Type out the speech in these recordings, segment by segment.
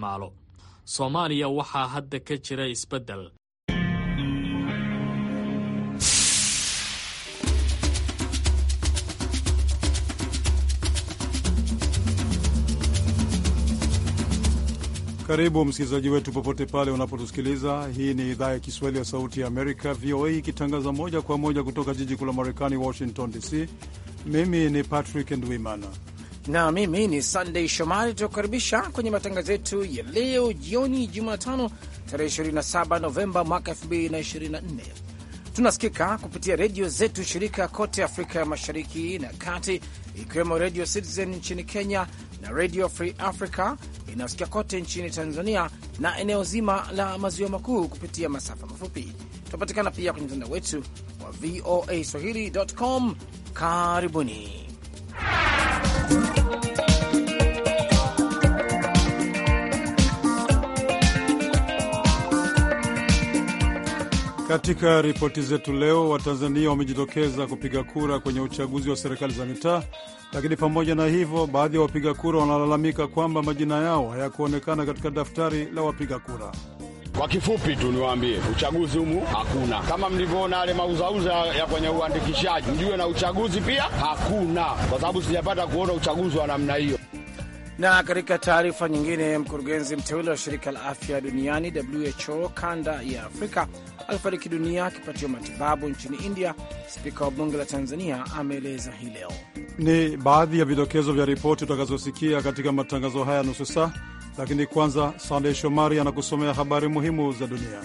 isticmaalo. Soomaaliya waxaa hadda ka jira isbeddel Karibu msikilizaji wetu popote pale unapotusikiliza. Hii ni idhaa ya Kiswahili ya Sauti ya Amerika, VOA, ikitangaza moja kwa moja kutoka jiji kuu la Marekani, Washington DC. Mimi ni Patrick Ndwimana na mimi ni Sunday Shomari. Tunakukaribisha kwenye matangazo yetu ya leo jioni, Jumatano tarehe 27 Novemba mwaka 2024. Tunasikika kupitia redio zetu shirika kote Afrika ya Mashariki na Kati, ikiwemo Redio Citizen nchini Kenya na Redio Free Africa inayosikika kote nchini Tanzania na eneo zima la maziwa makuu kupitia masafa mafupi. Tunapatikana pia kwenye mtandao wetu wa voa swahili.com. Karibuni. Katika ripoti zetu leo, Watanzania wamejitokeza kupiga kura kwenye uchaguzi wa serikali za mitaa, lakini pamoja na hivyo, baadhi ya wapiga kura wanalalamika kwamba majina yao hayakuonekana katika daftari la wapiga kura. Kwa kifupi tu niwaambie, uchaguzi humu hakuna. Kama mlivyoona yale mauzauza ya kwenye uandikishaji, mjue na uchaguzi pia hakuna, kwa sababu sijapata kuona uchaguzi wa namna hiyo. Na katika taarifa nyingine, mkurugenzi mteule wa shirika la afya duniani WHO kanda ya Afrika alifariki dunia akipatiwa matibabu nchini India. Spika wa bunge la Tanzania ameeleza hii leo. Ni baadhi ya vidokezo vya ripoti utakazosikia katika matangazo haya nusu saa, lakini kwanza, Sandey Shomari anakusomea habari muhimu za dunia.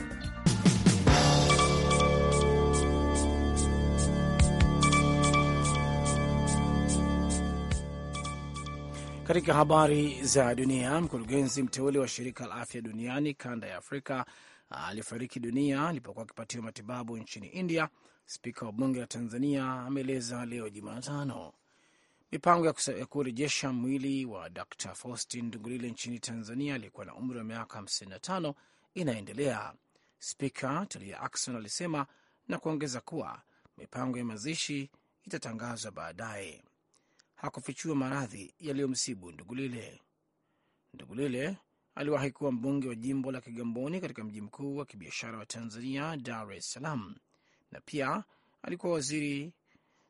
Katika habari za dunia, mkurugenzi mteule wa shirika la afya duniani kanda ya Afrika Ah, alifariki dunia alipokuwa akipatiwa matibabu nchini India. Spika wa bunge la Tanzania ameeleza leo Jumatano mipango ya kurejesha mwili wa Dr Faustin Ndugulile nchini Tanzania aliyekuwa na umri wa miaka 55 inaendelea, Spika Tulia Ackson alisema na kuongeza kuwa mipango ya mazishi itatangazwa baadaye. Hakufichua maradhi yaliyomsibu Ndugulile. Ndugulile aliwahi kuwa mbunge wa jimbo la Kigamboni katika mji mkuu wa kibiashara wa Tanzania, Dar es Salaam, na pia alikuwa waziri,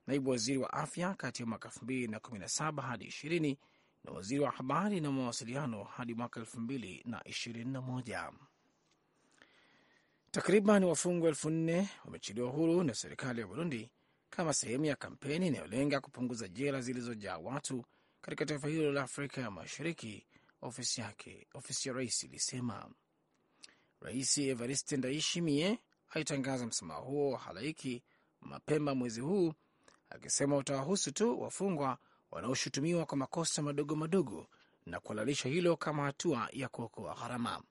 naibu waziri wa afya kati ya mwaka 2017 hadi 20 na waziri wa habari na mawasiliano hadi mwaka 2021. Takriban wafungwa elfu nne wamechiliwa huru na serikali ya Burundi kama sehemu ya kampeni inayolenga kupunguza jela zilizojaa watu katika taifa hilo la Afrika ya Mashariki ofisi yake. Ofisi ya rais ilisema Rais Evariste Ndayishimiye alitangaza msamaha huo wa halaiki mapema mwezi huu, akisema utawahusu tu wafungwa wanaoshutumiwa kwa makosa madogo madogo na kuhalalisha hilo kama hatua ya kuokoa gharama.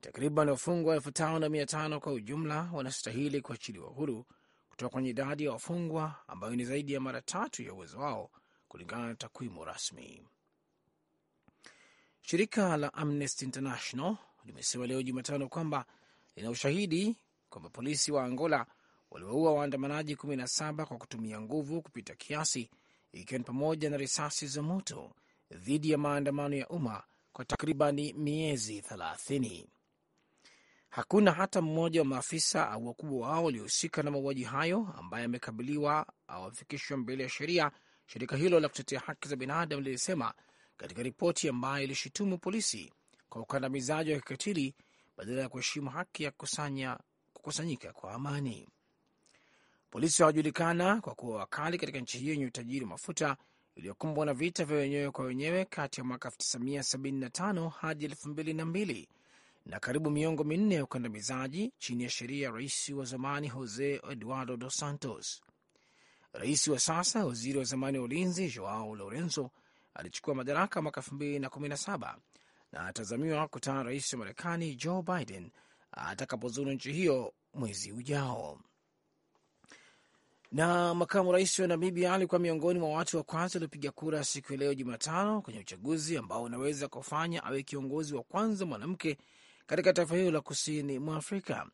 Takriban wafungwa elfu tano na mia tano kwa ujumla wanastahili kuachiliwa huru kutoka kwenye idadi ya wafungwa ambayo ni zaidi ya mara tatu ya uwezo wao kulingana na takwimu rasmi. Shirika la Amnesty International limesema leo Jumatano kwamba lina ushahidi kwamba polisi wa Angola waliwaua waandamanaji 17 kwa kutumia nguvu kupita kiasi, ikiwa ni pamoja na risasi za moto dhidi ya maandamano ya umma kwa takribani miezi 30. Hakuna hata mmoja wa maafisa au wakubwa wao waliohusika na mauaji hayo ambaye amekabiliwa au amefikishwa mbele ya sheria, shirika hilo la kutetea haki za binadamu lilisema katika ripoti ambayo ilishutumu polisi kwa ukandamizaji wa kikatili badala ya kuheshimu haki ya kusanya, kukusanyika kwa amani. Polisi hawajulikana kwa kuwa wakali katika nchi hiyo yenye utajiri wa mafuta iliyokumbwa na vita vya wenyewe kwa wenyewe kati ya mwaka 1975 hadi 2002 na karibu miongo minne ya ukandamizaji chini ya sheria ya rais wa zamani Jose Eduardo Dos Santos. Rais wa sasa, waziri wa zamani wa ulinzi Joao Lorenzo alichukua madaraka mwaka mbili na atazamiwa kutana rais wa Marekani Joe Biden atakapozuru nchi hiyo mwezi ujao. Na makamu rais wa Namibia alikuwa miongoni mwa watu wa kwanza waliopiga kura siku ya leo Jumatano kwenye uchaguzi ambao unaweza kufanya awe kiongozi wa kwanza mwanamke katika taifa hilo la kusini mwa Afrika,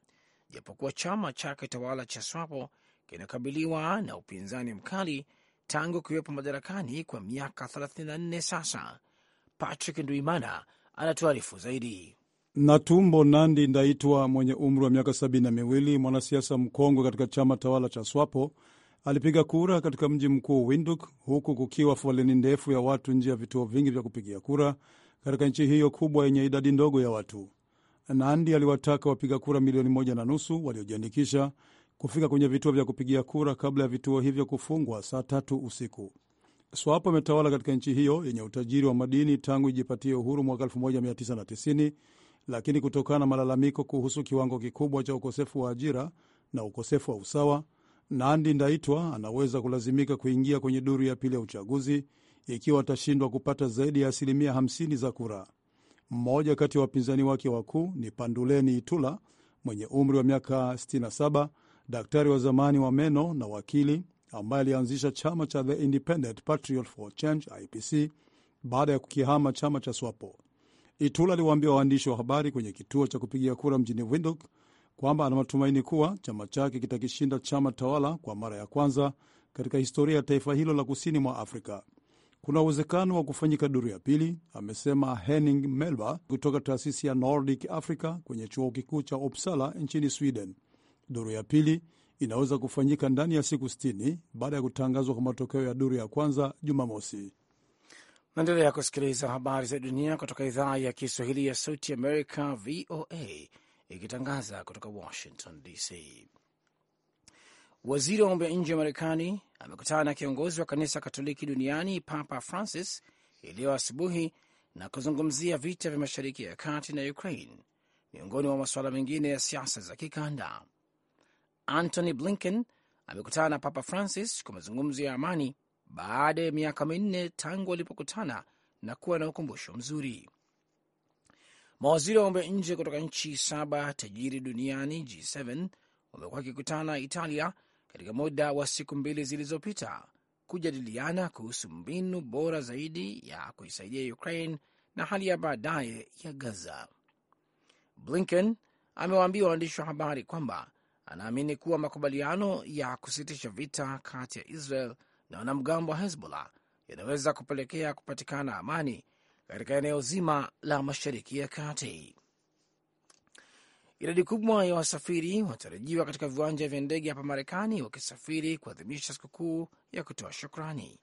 japokuwa chama chake tawala cha SWAPO kinakabiliwa na upinzani mkali tangu kuwepo madarakani kwa miaka 34 sasa. Patrick Nduimana anatuarifu zaidi. Natumbo Nandi Ndaitwa mwenye umri wa miaka sabini na miwili, mwanasiasa mkongwe katika chama tawala cha SWAPO alipiga kura katika mji mkuu Winduk, huku kukiwa foleni ndefu ya watu nje ya vituo vingi vya kupigia kura katika nchi hiyo kubwa yenye idadi ndogo ya watu. Nandi aliwataka wapiga kura milioni moja na nusu waliojiandikisha kufika kwenye vituo vya kupigia kura kabla ya vituo hivyo kufungwa saa tatu usiku. SWAPO ametawala katika nchi hiyo yenye utajiri wa madini tangu ijipatie uhuru mwaka 1990 lakini kutokana na malalamiko kuhusu kiwango kikubwa cha ukosefu wa ajira na ukosefu wa usawa, Nandi Ndaitwa anaweza kulazimika kuingia kwenye duru ya pili ya uchaguzi ikiwa atashindwa kupata zaidi ya asilimia 50 za kura. Mmoja kati ya wapinzani wake wakuu ni Panduleni Itula mwenye umri wa miaka 67 daktari wa zamani wa meno na wakili ambaye alianzisha chama cha The Independent Patriot for Change IPC baada ya kukihama chama cha SWAPO. Itula aliwaambia waandishi wa habari kwenye kituo cha kupigia kura mjini Windhoek kwamba ana matumaini kuwa chama chake kitakishinda chama tawala kwa mara ya kwanza katika historia ya taifa hilo la kusini mwa Afrika. Kuna uwezekano wa kufanyika duru ya pili, amesema Henning Melba kutoka taasisi ya Nordic Africa kwenye chuo kikuu cha Uppsala nchini Sweden. Duru ya pili inaweza kufanyika ndani ya siku 60 baada ya kutangazwa kwa matokeo ya duru ya kwanza Jumamosi. Naendelea kusikiliza habari za dunia kutoka idhaa ya Kiswahili ya Sauti Amerika, VOA, ikitangaza kutoka Washington DC. Waziri wa mambo ya nje wa Marekani amekutana na kiongozi wa kanisa Katoliki duniani Papa Francis iliyo asubuhi na kuzungumzia vita vya Mashariki ya Kati na Ukraine, miongoni mwa masuala mengine ya siasa za kikanda. Antony Blinken amekutana na Papa Francis kwa mazungumzo ya amani baada ya miaka minne tangu walipokutana na kuwa na ukumbusho mzuri. Mawaziri wa mambo ya nje kutoka nchi saba tajiri duniani G7 wamekuwa wakikutana Italia katika muda wa siku mbili zilizopita kujadiliana kuhusu mbinu bora zaidi ya kuisaidia Ukraine na hali ya baadaye ya Gaza. Blinken amewaambia waandishi wa habari kwamba anaamini kuwa makubaliano ya kusitisha vita kati ya Israel na wanamgambo wa Hezbollah yanaweza kupelekea kupatikana amani katika eneo zima la Mashariki ya Kati. Idadi kubwa ya wasafiri wanatarajiwa katika viwanja vya ndege hapa Marekani wakisafiri kuadhimisha sikukuu ya kutoa shukrani.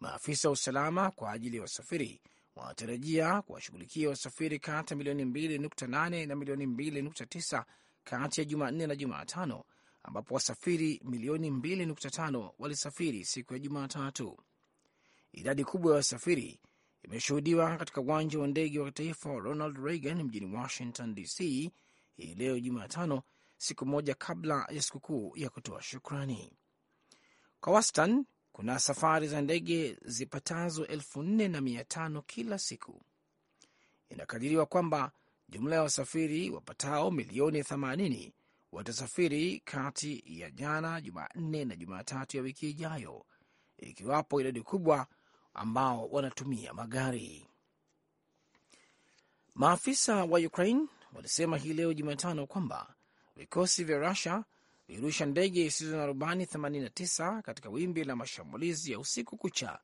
Maafisa wa usalama kwa ajili ya wasafiri wanatarajia kuwashughulikia wasafiri kati ya milioni 2.8 na milioni 2.9 kati ya Jumanne na Jumatano, ambapo wasafiri milioni 2.5 walisafiri siku ya Jumatatu. Idadi kubwa ya wasafiri imeshuhudiwa katika uwanja wa ndege wa kitaifa wa Ronald Reagan mjini Washington DC hii leo Jumatano, siku moja kabla ya sikukuu ya kutoa shukrani. Kwa wastani kuna safari za ndege zipatazo elfu nne na mia tano kila siku. Inakadiriwa kwamba Jumla ya wasafiri wapatao milioni 80 watasafiri kati ya jana Jumanne na Jumatatu ya wiki ijayo, ikiwapo idadi kubwa ambao wanatumia magari. Maafisa wa Ukraine walisema hii leo Jumatano kwamba vikosi vya Rusia vilirusha ndege isizo na rubani 89 katika wimbi la mashambulizi ya usiku kucha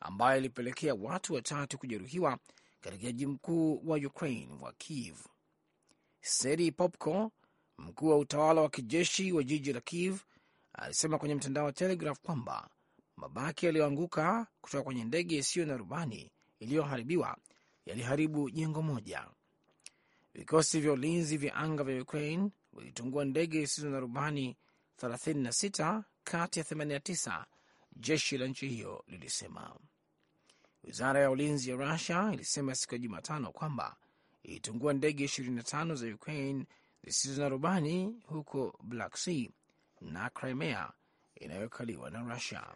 ambayo ilipelekea watu watatu kujeruhiwa katika mji mkuu wa Ukraine wa Kiev. Seri Popko, mkuu wa utawala wa kijeshi wa jiji la Kiev, alisema kwenye mtandao wa Telegraph kwamba mabaki yaliyoanguka kutoka kwenye ndege isiyo na rubani iliyoharibiwa yaliharibu jengo moja. Vikosi vya ulinzi vya anga vya Ukraine vilitungua ndege isizo na rubani 36 kati ya 89, jeshi la nchi hiyo lilisema. Wizara ya ulinzi ya Rusia ilisema siku ya Jumatano kwamba ilitungua ndege 25 za Ukraine zisizo na rubani huko Black Sea na Crimea inayokaliwa na Rusia.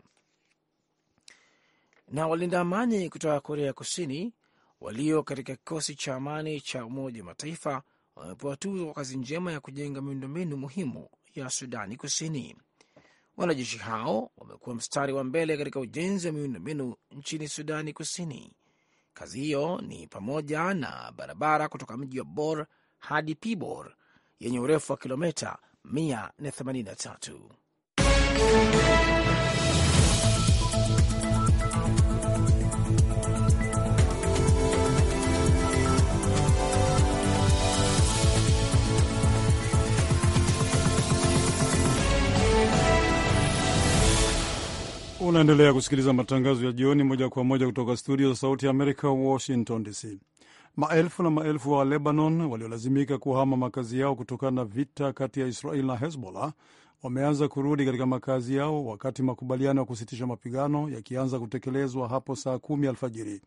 Na walinda amani kutoka Korea Kusini walio katika kikosi cha amani cha Umoja wa Mataifa wamepewa tuzo kwa kazi njema ya kujenga miundombinu muhimu ya Sudani Kusini. Wanajeshi hao wamekuwa mstari wa mbele katika ujenzi wa miundombinu nchini Sudani Kusini. Kazi hiyo ni pamoja na barabara kutoka mji wa Bor hadi Pibor yenye urefu wa kilomita 183. Unaendelea kusikiliza matangazo ya jioni moja kwa moja kutoka studio za Sauti ya Amerika, Washington DC. Maelfu na maelfu wa Lebanon waliolazimika kuhama makazi yao kutokana na vita kati ya Israel na Hezbollah wameanza kurudi katika makazi yao, wakati makubaliano ya kusitisha mapigano yakianza kutekelezwa hapo saa kumi alfajiri.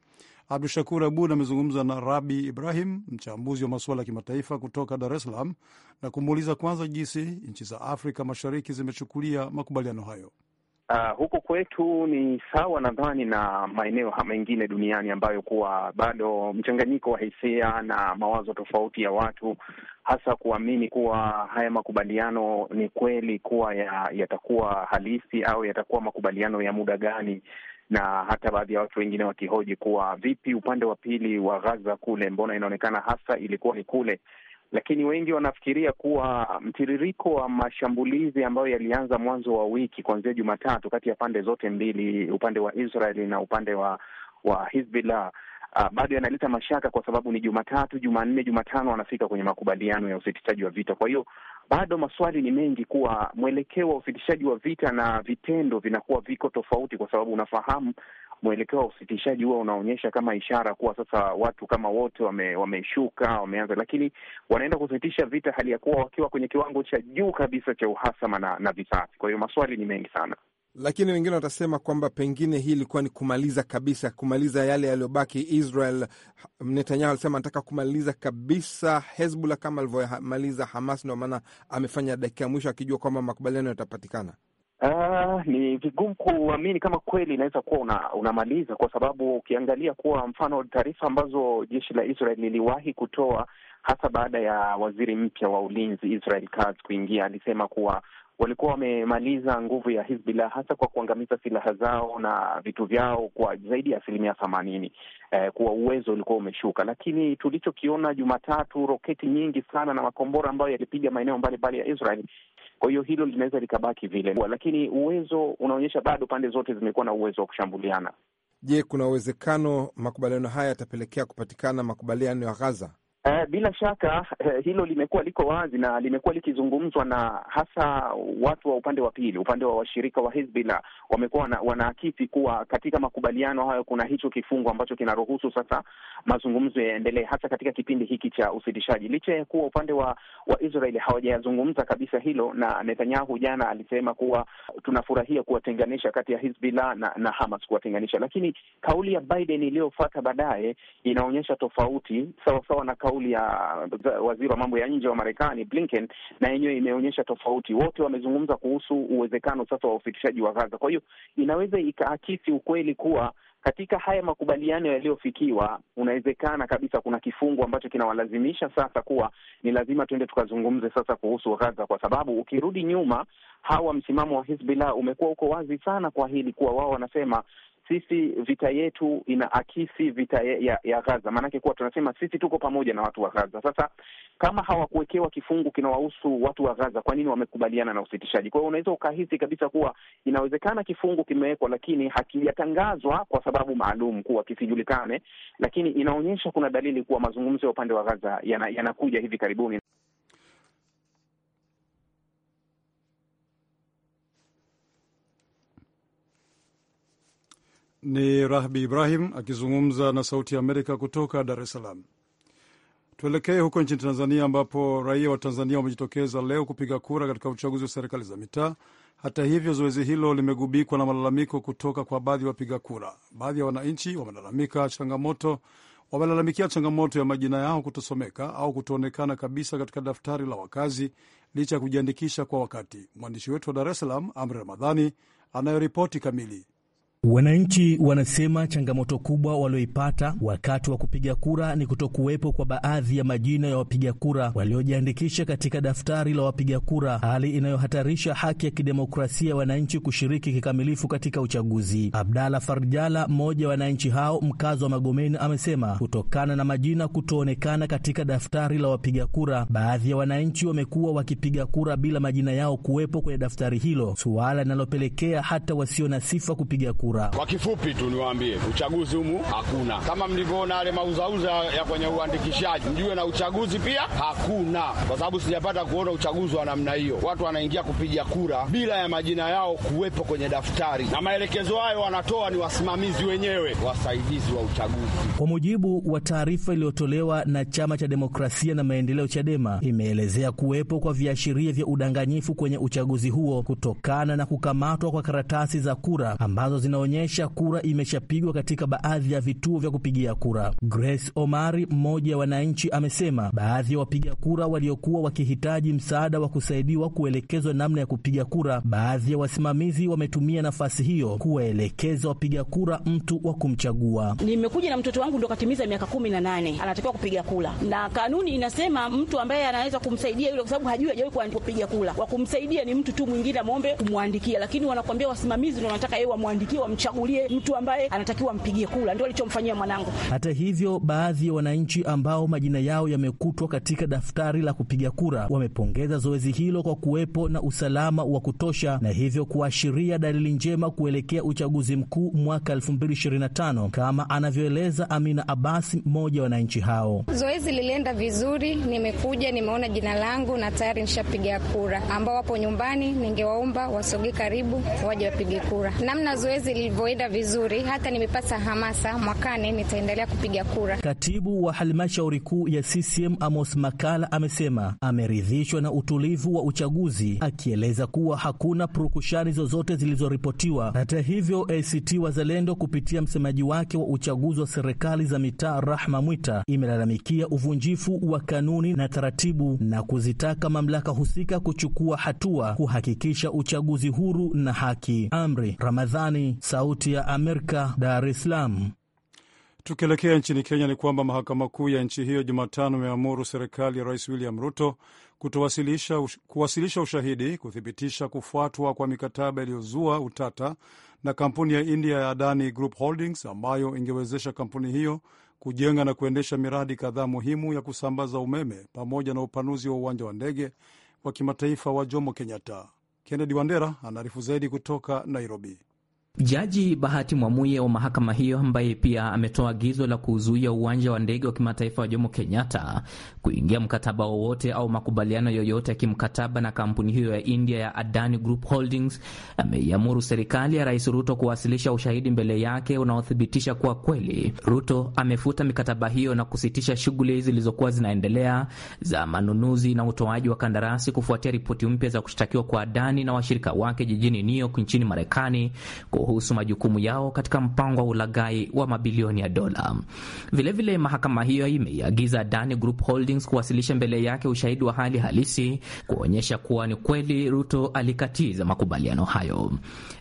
Abdu Shakur Abud amezungumza na Rabi Ibrahim, mchambuzi wa masuala ya kimataifa kutoka Dar es Salaam, na kumuuliza kwanza jinsi nchi za Afrika Mashariki zimechukulia makubaliano hayo. Uh, ah, huku kwetu ni sawa nadhani na maeneo mengine duniani ambayo kuwa bado mchanganyiko wa hisia na mawazo tofauti ya watu, hasa kuamini kuwa haya makubaliano ni kweli kuwa yatakuwa ya halisi au yatakuwa makubaliano ya muda gani, na hata baadhi ya watu wengine wakihoji kuwa vipi upande wa pili wa Gaza kule, mbona inaonekana hasa ilikuwa ni kule lakini wengi wanafikiria kuwa mtiririko wa mashambulizi ambayo yalianza mwanzo wa wiki kuanzia Jumatatu kati ya pande zote mbili, upande wa Israeli na upande wa wa Hizbillah Uh, ah, bado yanaleta mashaka kwa sababu ni Jumatatu, Jumanne, Jumatano wanafika kwenye makubaliano ya usitishaji wa vita. Kwa hiyo bado maswali ni mengi kuwa mwelekeo wa usitishaji wa vita na vitendo vinakuwa viko tofauti, kwa sababu unafahamu mwelekeo wa usitishaji huwa unaonyesha kama ishara kuwa sasa watu kama wote wame, wameshuka wameanza, lakini wanaenda kusitisha vita hali ya kuwa wakiwa kwenye kiwango cha juu kabisa cha uhasama na, na visasi. Kwa hiyo maswali ni mengi sana, lakini wengine watasema kwamba pengine hii ilikuwa ni kumaliza kabisa, kumaliza yale yaliyobaki. Israel, Netanyahu alisema anataka kumaliza kabisa Hezbollah kama alivyomaliza Hamas, ndio maana amefanya dakika ya mwisho akijua kwamba makubaliano yatapatikana. Ah, ni vigumu kuamini kama kweli inaweza kuwa una, unamaliza kwa sababu ukiangalia kuwa mfano taarifa ambazo jeshi la Israel liliwahi kutoa hasa baada ya waziri mpya wa ulinzi Israel Katz kuingia, alisema kuwa walikuwa wamemaliza nguvu ya Hizbullah hasa kwa kuangamiza silaha zao na vitu vyao kwa zaidi ya asilimia themanini. Eh, kuwa uwezo ulikuwa umeshuka, lakini tulichokiona Jumatatu, roketi nyingi sana na makombora ambayo yalipiga maeneo mbalimbali ya Israel kwa hiyo hilo linaweza likabaki vile, lakini uwezo unaonyesha bado pande zote zimekuwa na uwezo wa kushambuliana. Je, kuna uwezekano makubaliano haya yatapelekea kupatikana makubaliano ya Gaza? Uh, bila shaka uh, hilo limekuwa liko wazi na limekuwa likizungumzwa na hasa watu wa upande wa pili, upande wa washirika wa Hezbollah wamekuwa wana, wanaakisi kuwa katika makubaliano hayo kuna hicho kifungo ambacho kinaruhusu sasa mazungumzo yaendelee hasa katika kipindi hiki cha usitishaji, licha ya kuwa upande wa, wa Israeli hawajayazungumza kabisa hilo, na Netanyahu jana alisema kuwa tunafurahia kuwatenganisha kati ya Hezbollah na, na Hamas kuwatenganisha, lakini kauli ya Biden iliyofuata baadaye inaonyesha tofauti sawasawa na kauli kauli ya waziri wa mambo ya nje wa Marekani Blinken na yenyewe imeonyesha tofauti. Wote wamezungumza kuhusu uwezekano sasa wa ufikishaji wa Gaza. Kwa hiyo inaweza ikaakisi ukweli kuwa katika haya makubaliano yaliyofikiwa, unawezekana kabisa kuna kifungu ambacho kinawalazimisha sasa kuwa ni lazima tuende tukazungumze sasa kuhusu Gaza, kwa sababu ukirudi nyuma, hawa msimamo wa Hizbullah umekuwa uko wazi sana kwa hili kuwa wao wanasema sisi vita yetu ina akisi vita ya, ya Gaza, maanake kuwa tunasema sisi tuko pamoja na watu wa Gaza. Sasa kama hawakuwekewa kifungu kinawahusu watu wa Gaza, kwa nini wamekubaliana na usitishaji? Kwa hiyo unaweza ukahisi kabisa kuwa inawezekana kifungu kimewekwa, lakini hakijatangazwa kwa sababu maalum kuwa kisijulikane, lakini inaonyesha kuna dalili kuwa mazungumzo ya upande wa Gaza yanakuja yana hivi karibuni. Ni Rahbi Ibrahim akizungumza na Sauti ya Amerika kutoka Dar es Salaam. Tuelekee huko nchini Tanzania, ambapo raia wa Tanzania wamejitokeza leo kupiga kura katika uchaguzi wa serikali za mitaa. Hata hivyo, zoezi hilo limegubikwa na malalamiko kutoka kwa baadhi ya wapiga kura. Baadhi ya wananchi wamelalamika changamoto wamelalamikia changamoto ya majina yao kutosomeka au kutoonekana kabisa katika daftari la wakazi licha ya kujiandikisha kwa wakati. Mwandishi wetu wa Dar es Salaam, Amri Ramadhani, anayoripoti kamili. Wananchi wanasema changamoto kubwa walioipata wakati wa kupiga kura ni kutokuwepo kwa baadhi ya majina ya wapiga kura waliojiandikisha katika daftari la wapiga kura, hali inayohatarisha haki ya kidemokrasia ya wananchi kushiriki kikamilifu katika uchaguzi. Abdalla Farjala, mmoja wa wananchi hao, mkazi wa Magomeni, amesema kutokana na majina kutoonekana katika daftari la wapiga kura, baadhi ya wananchi wamekuwa wakipiga kura bila majina yao kuwepo kwenye daftari hilo, suala linalopelekea hata wasio na sifa kupiga kura kura. Kwa kifupi tu niwaambie, uchaguzi humu hakuna. Kama mlivyoona yale mauzauza ya kwenye uandikishaji, mjue na uchaguzi pia hakuna, kwa sababu sijapata kuona uchaguzi wa namna hiyo. Watu wanaingia kupiga kura bila ya majina yao kuwepo kwenye daftari, na maelekezo hayo wanatoa ni wasimamizi wenyewe, wasaidizi wa uchaguzi. Kwa mujibu wa taarifa iliyotolewa na Chama cha Demokrasia na Maendeleo, CHADEMA, imeelezea kuwepo kwa viashiria vya udanganyifu kwenye uchaguzi huo kutokana na kukamatwa kwa karatasi za kura ambazo zina yanaonyesha kura imeshapigwa katika baadhi ya vituo vya kupigia kura. Grace Omari, mmoja wa wananchi, amesema baadhi ya wapiga kura waliokuwa wakihitaji msaada wa kusaidiwa kuelekezwa namna ya kupiga kura, baadhi ya wasimamizi wametumia nafasi hiyo kuwaelekeza wapiga kura mtu wa kumchagua. Nimekuja na mtoto wangu ndo katimiza miaka kumi na nane, anatakiwa kupiga kura, na kanuni inasema mtu ambaye anaweza kumsaidia yule, kwa sababu hajui, hajawahi kupiga kura, wa kumsaidia ni mtu tu mwingine, amwombe kumwandikia, lakini wanakuambia wasimamizi ndo wanataka yeye wamwandikie wamchagulie mtu ambaye anatakiwa mpigie kula, ndio alichomfanyia mwanangu. Hata hivyo, baadhi ya wananchi ambao majina yao yamekutwa katika daftari la kupiga kura wamepongeza zoezi hilo kwa kuwepo na usalama wa kutosha na hivyo kuashiria dalili njema kuelekea uchaguzi mkuu mwaka 2025 kama anavyoeleza Amina Abasi, mmoja wa wananchi hao. Zoezi lilienda vizuri, nimekuja nimeona jina langu na tayari nishapiga kura. Ambao wapo nyumbani, ningewaomba wasogee karibu waje wapige kura. Namna zoezi ilivyoenda vizuri, hata nimepata hamasa, mwakane nitaendelea kupiga kura. Katibu wa halmashauri kuu ya CCM Amos Makala amesema ameridhishwa na utulivu wa uchaguzi, akieleza kuwa hakuna purukushani zozote zilizoripotiwa. Hata hivyo, ACT Wazalendo kupitia msemaji wake wa uchaguzi wa serikali za mitaa Rahma Mwita imelalamikia uvunjifu wa kanuni na taratibu na kuzitaka mamlaka husika kuchukua hatua kuhakikisha uchaguzi huru na haki. Amri Ramadhani, Sauti ya Amerika, Dar es Salaam. Tukielekea nchini Kenya ni kwamba mahakama kuu ya nchi hiyo Jumatano imeamuru serikali ya Rais William Ruto kutowasilisha ush, kuwasilisha ushahidi kuthibitisha kufuatwa kwa mikataba iliyozua utata na kampuni ya India ya Adani Group Holdings ambayo ingewezesha kampuni hiyo kujenga na kuendesha miradi kadhaa muhimu ya kusambaza umeme pamoja na upanuzi wa uwanja wa ndege wa kimataifa wa Jomo Kenyatta. Kennedy Wandera anaarifu zaidi kutoka Nairobi. Jaji Bahati Mwamuye wa mahakama hiyo ambaye pia ametoa agizo la kuzuia uwanja wa ndege wa kimataifa wa Jomo Kenyatta kuingia mkataba wowote au makubaliano yoyote ya kimkataba na kampuni hiyo ya India ya Adani Group Holdings ameiamuru serikali ya Rais Ruto kuwasilisha ushahidi mbele yake unaothibitisha kuwa kweli Ruto amefuta mikataba hiyo na kusitisha shughuli zilizokuwa zinaendelea za manunuzi na utoaji wa kandarasi kufuatia ripoti mpya za kushtakiwa kwa Adani na washirika wake jijini New York nchini Marekani kuhusu majukumu yao katika mpango wa ulagai wa mabilioni ya dola. Vilevile, mahakama hiyo imeiagiza Dani Group Holdings kuwasilisha mbele yake ushahidi wa hali halisi kuonyesha kuwa ni kweli Ruto alikatiza makubaliano hayo.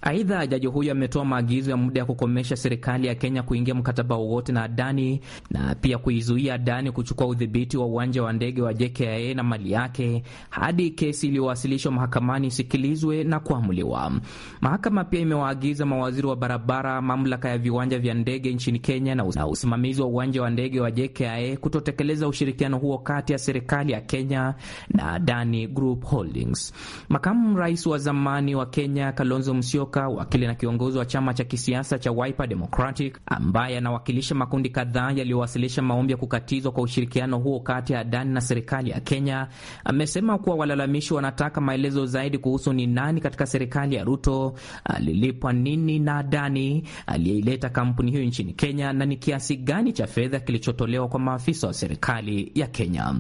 Aidha, jaji huyo ametoa maagizo ya muda ya kukomesha serikali ya Kenya kuingia mkataba wowote na dani na pia kuizuia dani kuchukua udhibiti wa uwanja wa ndege wa JKIA na mali yake hadi kesi iliyowasilishwa mahakamani isikilizwe na kuamuliwa. Mahakama pia imewaagiza mawaziri wa barabara, mamlaka ya viwanja vya ndege nchini Kenya na usimamizi wa uwanja wa ndege wa JKIA kutotekeleza ushirikiano huo kati ya serikali ya Kenya na Dani Group Holdings. Makamu rais wa zamani wa Kenya Kalonzo Musyoka, wakili na kiongozi wa chama cha kisiasa cha Wiper Democratic, ambaye anawakilisha makundi kadhaa yaliyowasilisha maombi ya kukatizwa kwa ushirikiano huo kati ya dani na serikali ya Kenya, amesema kuwa walalamishi wanataka maelezo zaidi kuhusu ni nani katika serikali ya Ruto alilipwa nini na nadani aliyeileta kampuni hiyo nchini Kenya na ni kiasi gani cha fedha kilichotolewa kwa maafisa wa serikali ya Kenya.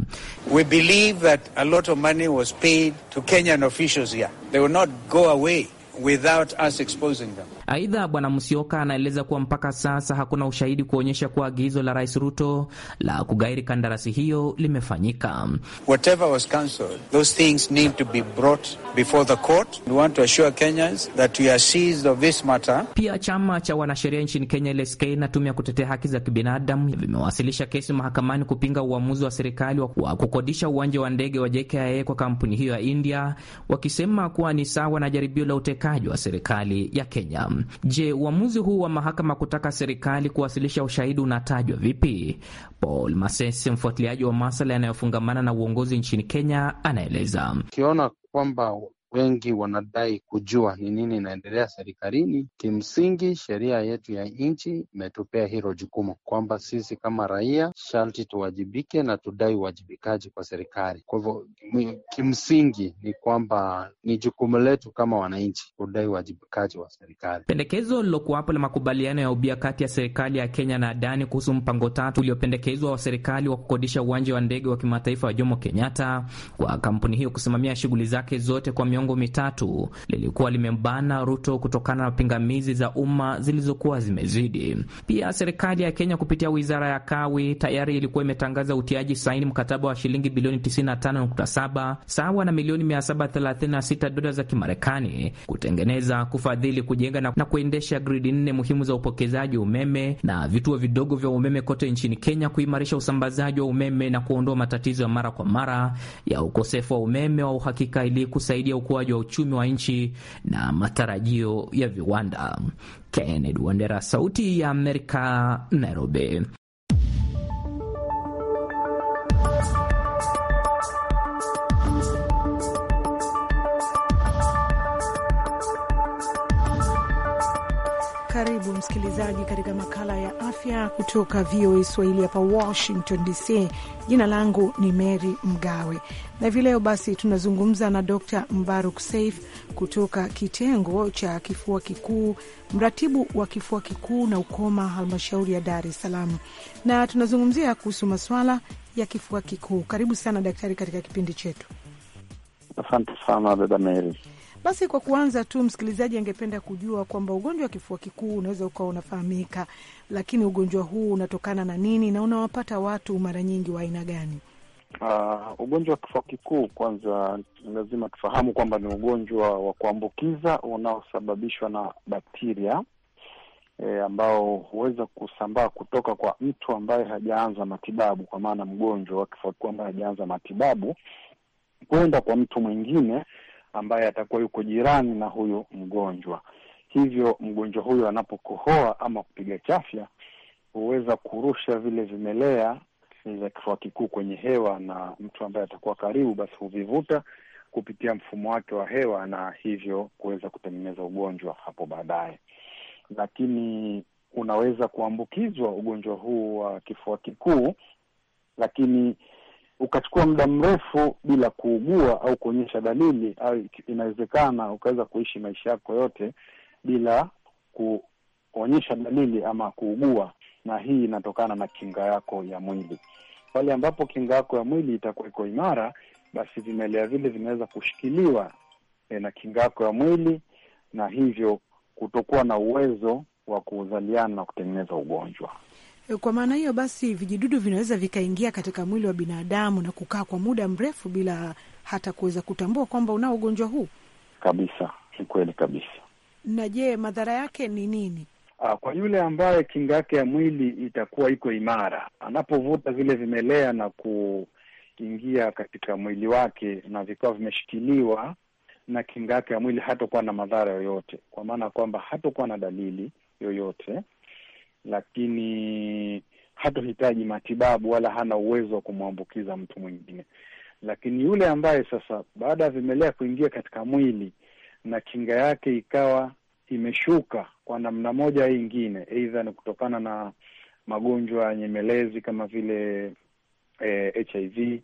We believe that a lot of money was paid to Kenyan officials here. They will not go away without us exposing them. Aidha, Bwana Musioka anaeleza kuwa mpaka sasa hakuna ushahidi kuonyesha kuwa agizo la Rais Ruto la kugairi kandarasi hiyo limefanyika. Pia chama cha wanasheria nchini Kenya LSK na tume ya kutetea haki za kibinadamu vimewasilisha kesi mahakamani kupinga uamuzi wa serikali wa kukodisha uwanja wa ndege wa JKIA kwa kampuni hiyo ya India, wakisema kuwa ni sawa na jaribio la utekaji wa serikali ya Kenya. Je, uamuzi huu wa mahakama kutaka serikali kuwasilisha ushahidi unatajwa vipi? Paul Masese, mfuatiliaji wa masala yanayofungamana na uongozi nchini Kenya, anaeleza. Ukiona kwamba wengi wanadai kujua ni nini inaendelea serikalini. Kimsingi, sheria yetu ya nchi imetupea hilo jukumu kwamba sisi kama raia sharti tuwajibike na tudai uwajibikaji kwa serikali. Kwa hivyo, kimsingi ni kwamba ni jukumu letu kama wananchi kudai uwajibikaji wa serikali. Pendekezo lilokuwapo la makubaliano ya ubia kati ya serikali ya Kenya na Adani kuhusu mpango tatu uliopendekezwa wa serikali wa kukodisha uwanja wa ndege wa kimataifa wa Jomo Kenyatta kwa kampuni hiyo kusimamia shughuli zake zote kwa miongo milango mitatu lilikuwa limebana Ruto kutokana na pingamizi za umma zilizokuwa zimezidi. Pia serikali ya Kenya kupitia wizara ya kawi tayari ilikuwa imetangaza utiaji saini mkataba wa shilingi bilioni 95.7 sawa na milioni 736 dola za Kimarekani kutengeneza, kufadhili, kujenga na kuendesha gridi nne muhimu za upokezaji umeme na vituo vidogo vya umeme kote nchini Kenya, kuimarisha usambazaji wa umeme na kuondoa matatizo ya mara kwa mara ya ukosefu wa umeme wa uhakika ili kusaidia ukuaji wa uchumi wa nchi na matarajio ya viwanda. Kennedy Wandera, Sauti ya Amerika, Nairobi. msikilizaji, katika makala ya afya kutoka VOA Swahili hapa Washington DC. Jina langu ni Mary Mgawe na hivi leo basi tunazungumza na Dr Mbaruk Saif kutoka kitengo cha kifua kikuu, mratibu wa kifua kikuu na ukoma, halmashauri ya Dar es Salaam, na tunazungumzia kuhusu maswala ya kifua kikuu. Karibu sana daktari katika kipindi chetu. Asante sana dada Mary. Basi kwa kuanza tu, msikilizaji angependa kujua kwamba ugonjwa wa kifua kikuu unaweza ukawa unafahamika, lakini ugonjwa huu unatokana na nini na unawapata watu mara nyingi wa aina gani? Uh, ugonjwa wa kifua kikuu kwanza, lazima tufahamu kwamba ni ugonjwa wa kuambukiza unaosababishwa na bakteria e, ambao huweza kusambaa kutoka kwa mtu ambaye hajaanza matibabu, kwa maana mgonjwa wa kifua kikuu ambaye hajaanza matibabu kwenda kwa mtu mwingine ambaye atakuwa yuko jirani na huyu mgonjwa. Hivyo mgonjwa huyu anapokohoa ama kupiga chafya huweza kurusha vile vimelea vya kifua kikuu kwenye hewa, na mtu ambaye atakuwa karibu basi huvivuta kupitia mfumo wake wa hewa na hivyo kuweza kutengeneza ugonjwa hapo baadaye. Lakini unaweza kuambukizwa ugonjwa huu wa kifua kikuu, lakini ukachukua muda mrefu bila kuugua au kuonyesha dalili, au inawezekana ukaweza kuishi maisha yako yote bila kuonyesha dalili ama kuugua, na hii inatokana na kinga yako ya mwili. Pale ambapo kinga yako ya mwili itakuwa iko imara, basi vimelea vile vinaweza kushikiliwa e, na kinga yako ya mwili, na hivyo kutokuwa na uwezo wa kuzaliana na kutengeneza ugonjwa. Kwa maana hiyo basi, vijidudu vinaweza vikaingia katika mwili wa binadamu na kukaa kwa muda mrefu bila hata kuweza kutambua kwamba unao ugonjwa huu kabisa. Ni kweli kabisa. Na je, madhara yake ni nini? Ah, kwa yule ambaye kinga yake ya mwili itakuwa iko imara, anapovuta vile vimelea na kuingia katika mwili wake na vikawa vimeshikiliwa na kinga yake ya mwili, hatokuwa na madhara yoyote, kwa maana ya kwamba hatokuwa na dalili yoyote lakini hatohitaji matibabu wala hana uwezo wa kumwambukiza mtu mwingine. Lakini yule ambaye sasa baada ya vimelea kuingia katika mwili na kinga yake ikawa imeshuka kwa namna moja ingine, aidha ni kutokana na magonjwa nyemelezi kama vile eh, HIV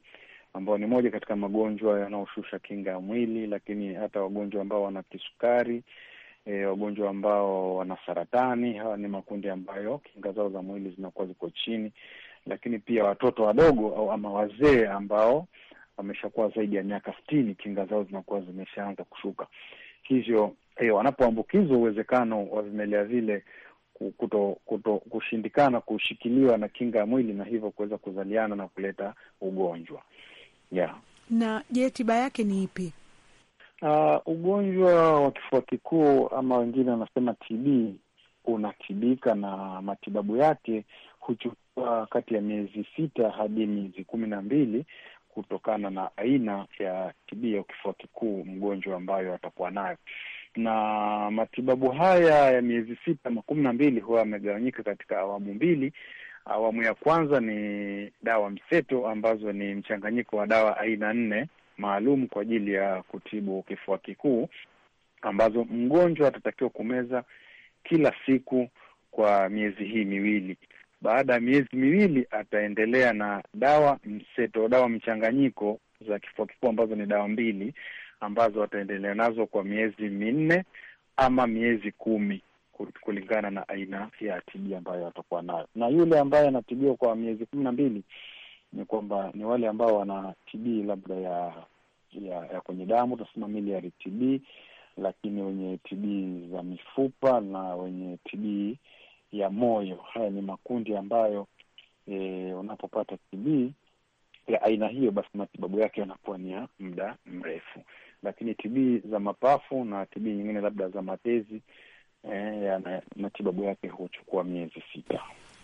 ambayo ni moja katika magonjwa yanayoshusha kinga ya mwili, lakini hata wagonjwa ambao wana kisukari e, wagonjwa ambao wana saratani. Hawa ni makundi ambayo kinga zao za mwili zinakuwa ziko chini, lakini pia watoto wadogo au ama wazee ambao wameshakuwa zaidi ya miaka sitini, kinga zao zinakuwa zimeshaanza kushuka, hivyo eh, wanapoambukizwa uwezekano wa vimelea vile kuto, kuto kushindikana kushikiliwa na kinga ya mwili na hivyo kuweza kuzaliana na kuleta ugonjwa yeah. Na je, tiba yake ni ipi? Uh, ugonjwa wa kifua kikuu ama wengine wanasema TB unatibika na matibabu yake huchukua kati ya miezi sita hadi miezi kumi na mbili kutokana na aina ya TB ya kifua kikuu mgonjwa ambayo atakuwa nayo, na matibabu haya ya miezi sita ama kumi na mbili huwa yamegawanyika katika awamu mbili. Awamu ya kwanza ni dawa mseto ambazo ni mchanganyiko wa dawa aina nne maalum kwa ajili ya kutibu kifua kikuu ambazo mgonjwa atatakiwa kumeza kila siku kwa miezi hii miwili. Baada ya miezi miwili ataendelea na dawa mseto, dawa mchanganyiko za kifua kikuu ambazo ni dawa mbili ambazo ataendelea nazo kwa miezi minne ama miezi kumi kulingana na aina ya TB ambayo atakuwa nayo. Na yule ambaye anatibiwa kwa miezi kumi na mbili ni kwamba ni wale ambao wana TB labda ya ya, ya kwenye damu tunasema miliari TB, lakini wenye TB za mifupa na wenye TB ya moyo. Haya ni makundi ambayo e, unapopata TB ya aina hiyo, basi matibabu yake yanakuwa ni ya muda mrefu. Lakini TB za mapafu na TB nyingine labda za matezi, e, ya, matibabu yake huchukua miezi sita.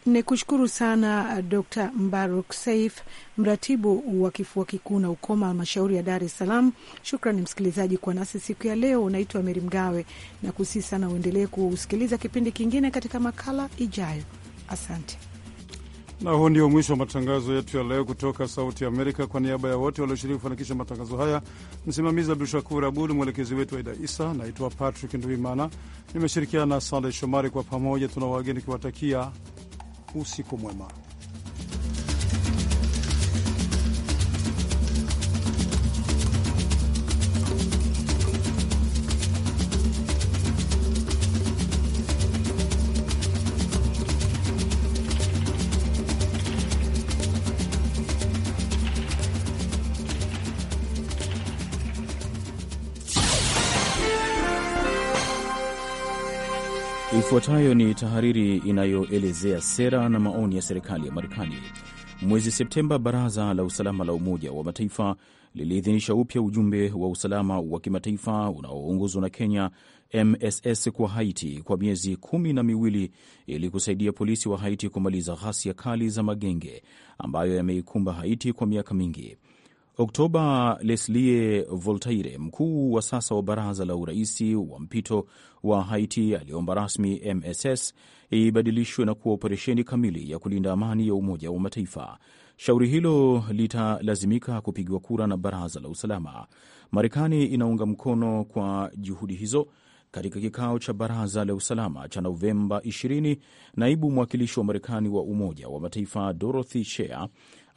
Ni kushukuru sana uh, Dr Mbaruk Saif, mratibu wa kifua kikuu na ukoma halmashauri ya Dar es Salaam. Shukrani msikilizaji kwa nasi siku ya leo. Unaitwa Meri Mgawe na kusii sana uendelee kusikiliza kipindi kingine katika makala ijayo. Asante na huu ndio mwisho wa matangazo yetu ya leo kutoka Sauti Amerika. Kwa niaba ya wote walioshiriki kufanikisha matangazo haya, msimamizi Abdu Shakur Abud, mwelekezi wetu Aida Isa. Naitwa Patrick Nduimana, nimeshirikiana na Sandey Shomari. Kwa pamoja tuna wageni kiwatakia ou si como mal. Ifuatayo ni tahariri inayoelezea sera na maoni ya serikali ya Marekani. Mwezi Septemba, Baraza la Usalama la Umoja wa Mataifa liliidhinisha upya ujumbe wa usalama wa kimataifa unaoongozwa na Kenya, MSS, kwa Haiti kwa miezi kumi na miwili ili kusaidia polisi wa Haiti kumaliza ghasia kali za magenge ambayo yameikumba Haiti kwa miaka mingi. Oktoba, Leslie Voltaire, mkuu wa sasa wa baraza la uraisi wa mpito wa Haiti, aliomba rasmi MSS ibadilishwe na kuwa operesheni kamili ya kulinda amani ya Umoja wa Mataifa. Shauri hilo litalazimika kupigiwa kura na Baraza la Usalama. Marekani inaunga mkono kwa juhudi hizo. Katika kikao cha baraza la usalama cha Novemba 20, naibu mwakilishi wa Marekani wa Umoja wa Mataifa Dorothy Shea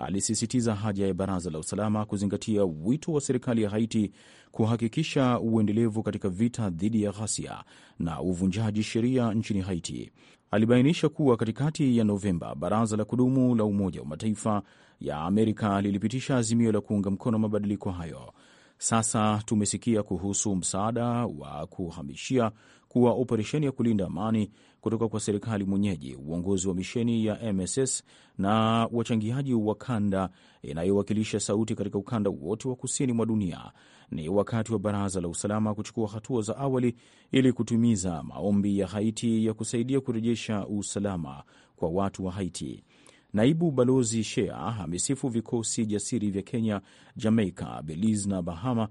alisisitiza haja ya Baraza la Usalama kuzingatia wito wa serikali ya Haiti kuhakikisha uendelevu katika vita dhidi ya ghasia na uvunjaji sheria nchini Haiti. Alibainisha kuwa katikati ya Novemba, Baraza la Kudumu la Umoja wa Mataifa ya Amerika lilipitisha azimio la kuunga mkono mabadiliko hayo. Sasa tumesikia kuhusu msaada wa kuhamishia kuwa operesheni ya kulinda amani kutoka kwa serikali mwenyeji, uongozi wa misheni ya MSS na wachangiaji wa kanda inayowakilisha sauti katika ukanda wote wa kusini mwa dunia. Ni wakati wa Baraza la Usalama kuchukua hatua za awali ili kutimiza maombi ya Haiti ya kusaidia kurejesha usalama kwa watu wa Haiti. Naibu Balozi Shea amesifu vikosi jasiri vya Kenya, Jamaica, Belize na Bahama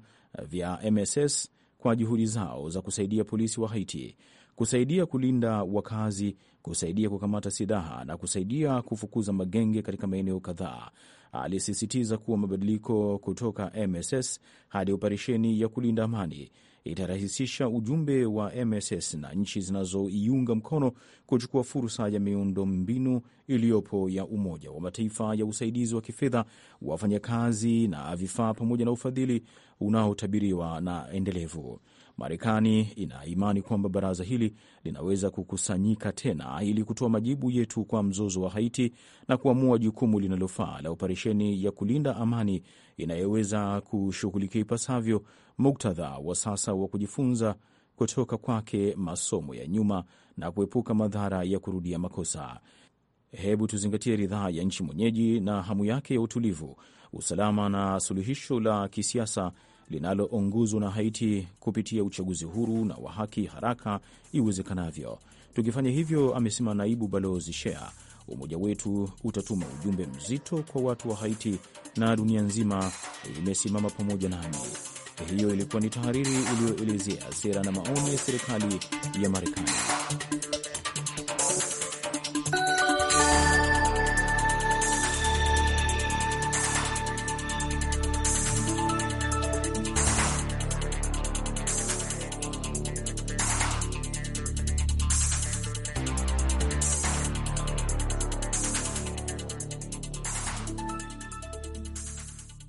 vya MSS kwa juhudi zao za kusaidia polisi wa Haiti kusaidia kulinda wakazi, kusaidia kukamata silaha na kusaidia kufukuza magenge katika maeneo kadhaa. Alisisitiza kuwa mabadiliko kutoka MSS hadi operesheni ya kulinda amani itarahisisha ujumbe wa MSS na nchi zinazoiunga mkono kuchukua fursa ya miundo mbinu iliyopo ya Umoja wa Mataifa ya usaidizi wa kifedha, wafanyakazi na vifaa, pamoja na ufadhili unaotabiriwa na endelevu. Marekani ina imani kwamba baraza hili linaweza kukusanyika tena ili kutoa majibu yetu kwa mzozo wa Haiti na kuamua jukumu linalofaa la operesheni ya kulinda amani inayoweza kushughulikia ipasavyo muktadha wa sasa wa kujifunza kutoka kwake masomo ya nyuma na kuepuka madhara ya kurudia makosa. Hebu tuzingatie ridhaa ya nchi mwenyeji na hamu yake ya utulivu, usalama na suluhisho la kisiasa linaloongozwa na Haiti kupitia uchaguzi huru na wa haki haraka iwezekanavyo. Tukifanya hivyo, amesema naibu balozi Shea, umoja wetu utatuma ujumbe mzito kwa watu wa Haiti na dunia nzima imesimama pamoja nami. Hiyo ilikuwa ni tahariri iliyoelezea sera na maoni ya serikali ya Marekani.